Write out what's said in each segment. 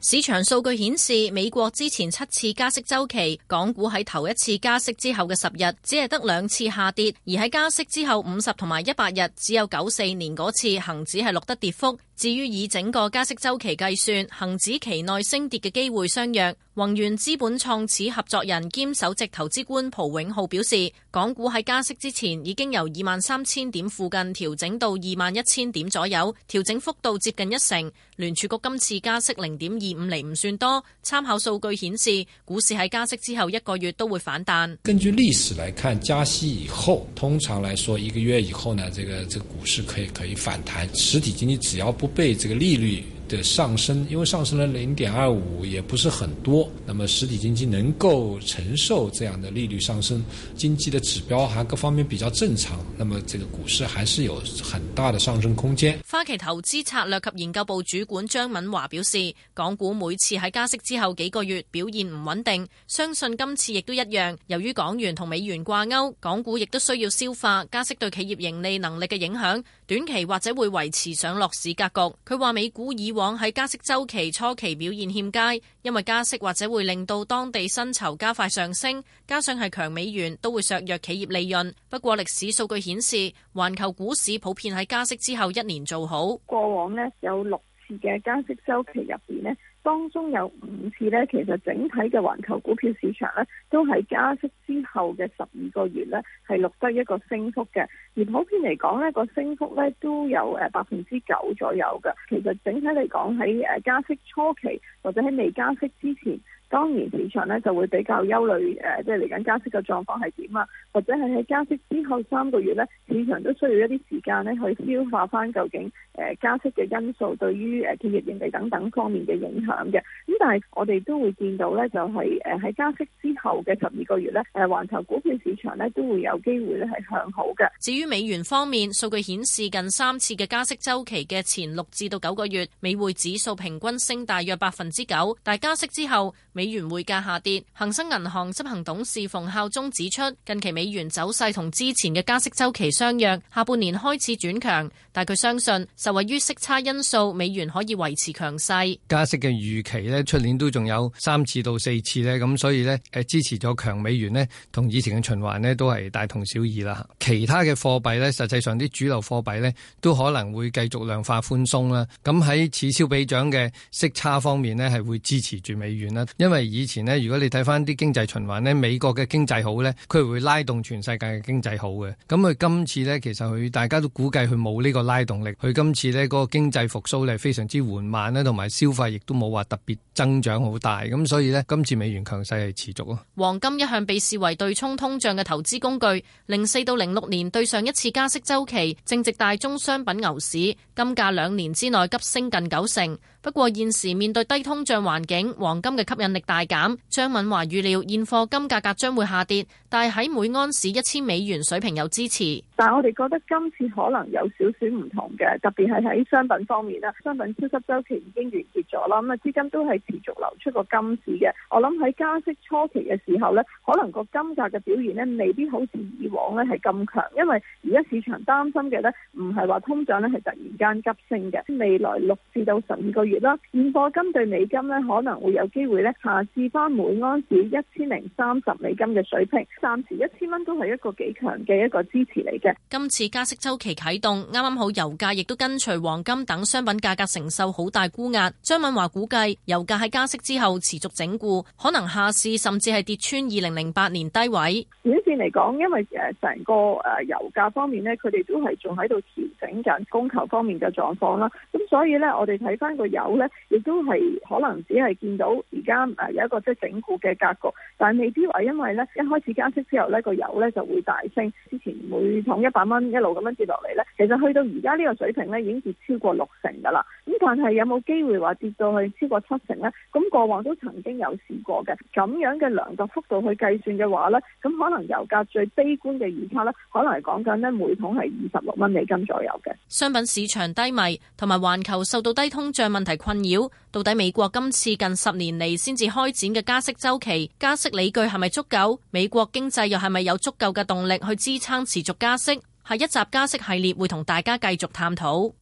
市場數據顯示，美國之前七次加息週期，港股喺頭一次加息之後嘅十日，只係得兩次下跌；而喺加息之後五十同埋一百日，只有九四年嗰次恒指係錄得跌幅。至於以整個加息週期計算，恒指期內升跌嘅機會相若。弘源資本創始合作人兼首席投資官浦永灝表示，港股喺加息之前已經由二萬三千點附近調整到二萬一千點左右，調整幅度接近一成。聯儲局今次加息零點二五厘唔算多，參考數據顯示，股市喺加息之後一個月都會反彈。根據歷史來看，加息以後，通常來說一個月以後呢，這個、這個、股市可以可以反彈。實體經濟只要不被這個利率。的上升，因為上升了零點二五，也不是很多。那麼實體經濟能夠承受這樣的利率上升，經濟的指標還是各方面比較正常。那麼這個股市還是有很大的上升空間。花旗投資策略及研究部主管張敏華表示，港股每次喺加息之後幾個月表現唔穩定，相信今次亦都一樣。由於港元同美元掛鈎，港股亦都需要消化加息對企業盈利能力嘅影響，短期或者會維持上落市格局。佢話美股以為往喺加息周期初期表現欠佳，因為加息或者會令到當地薪酬加快上升，加上係強美元都會削弱企業利潤。不過歷史數據顯示，環球股市普遍喺加息之後一年做好。過往呢有六次嘅加息周期入邊呢。當中有五次呢，其實整體嘅環球股票市場呢，都喺加息之後嘅十二個月呢，係錄得一個升幅嘅。而普遍嚟講，呢個升幅呢都有百分之九左右嘅。其實整體嚟講，喺加息初期或者喺未加息之前。當然市場咧就會比較憂慮誒，即係嚟緊加息嘅狀況係點啊，或者係喺加息之後三個月呢，市場都需要一啲時間呢去消化翻究竟誒加息嘅因素對於誒企業盈利等等方面嘅影響嘅。咁但係我哋都會見到呢就係誒喺加息之後嘅十二個月咧，誒環球股票市場呢都會有機會咧係向好嘅。至於美元方面，數據顯示近三次嘅加息周期嘅前六至到九個月，美匯指數平均升大約百分之九，但係加息之後，美元匯價下跌，恒生銀行執行董事馮孝忠指出，近期美元走勢同之前嘅加息周期相若，下半年開始轉強，但佢相信受惠於息差因素，美元可以維持強勢。加息嘅預期咧，出年都仲有三次到四次呢，咁所以咧，誒支持咗強美元咧，同以前嘅循環咧都係大同小異啦。其他嘅貨幣咧，實際上啲主流貨幣咧都可能會繼續量化寬鬆啦，咁喺此消彼長嘅息差方面咧，係會支持住美元啦。因為以前呢，如果你睇翻啲經濟循環呢，美國嘅經濟好呢，佢會拉動全世界嘅經濟好嘅。咁佢今次呢，其實佢大家都估計佢冇呢個拉動力，佢今次呢呢個經濟復蘇呢非常之緩慢咧，同埋消費亦都冇話特別增長好大。咁所以呢，今次美元強勢係持續咯。黃金一向被視為對沖通脹嘅投資工具，零四到零六年對上一次加息週期正值大宗商品牛市，金價兩年之內急升近九成。不過現時面對低通脹環境，黃金嘅吸引力。大減，張敏華預料現貨金價格將會下跌，但係喺每安士一千美元水平有支持。但係我哋覺得今次可能有少少唔同嘅，特別係喺商品方面啦，商品超級周期已經完結咗啦，咁啊資金都係持續流出個金市嘅。我諗喺加息初期嘅時候咧，可能個金價嘅表現咧未必好似以往咧係咁強，因為而家市場擔心嘅咧唔係話通脹咧係突然間急升嘅，未來六至到十二個月啦，現貨金對美金咧可能會有機會咧。啊，至翻每盎司一千零三十美金嘅水平，暫時一千蚊都係一個幾強嘅一個支持嚟嘅。今次加息周期啟動啱啱好，油價亦都跟隨黃金等商品價格承受好大沽壓，張敏華估計油價喺加息之後持續整固，可能下市甚至係跌穿二零零八年低位。短線嚟講，因為誒成個誒油價方面咧，佢哋都係仲喺度調整緊供求方面嘅狀況啦。咁所以咧，我哋睇翻個油咧，亦都係可能只係見到而家。誒有一個即係整固嘅格局，但係未必話，因為咧一開始加息之後咧，個油咧就會大升。之前每桶一百蚊一路咁樣跌落嚟咧，其實去到而家呢個水平咧已經跌超過六成㗎啦。咁但係有冇機會話跌到去超過七成呢？咁過往都曾經有試過嘅。咁樣嘅量度幅度去計算嘅話咧，咁可能油價最悲觀嘅預測咧，可能係講緊咧每桶係二十六蚊美金左右嘅。商品市場低迷同埋環球受到低通脹問題困擾，到底美國今次近十年嚟先至？開展嘅加息周期，加息理據係咪足夠？美國經濟又係咪有足夠嘅動力去支撐持續加息？下一集加息系列會同大家繼續探討。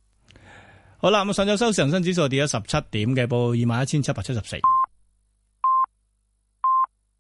好啦，咁上週收市，恒生指數跌咗十七點嘅，報二萬一千七百七十四。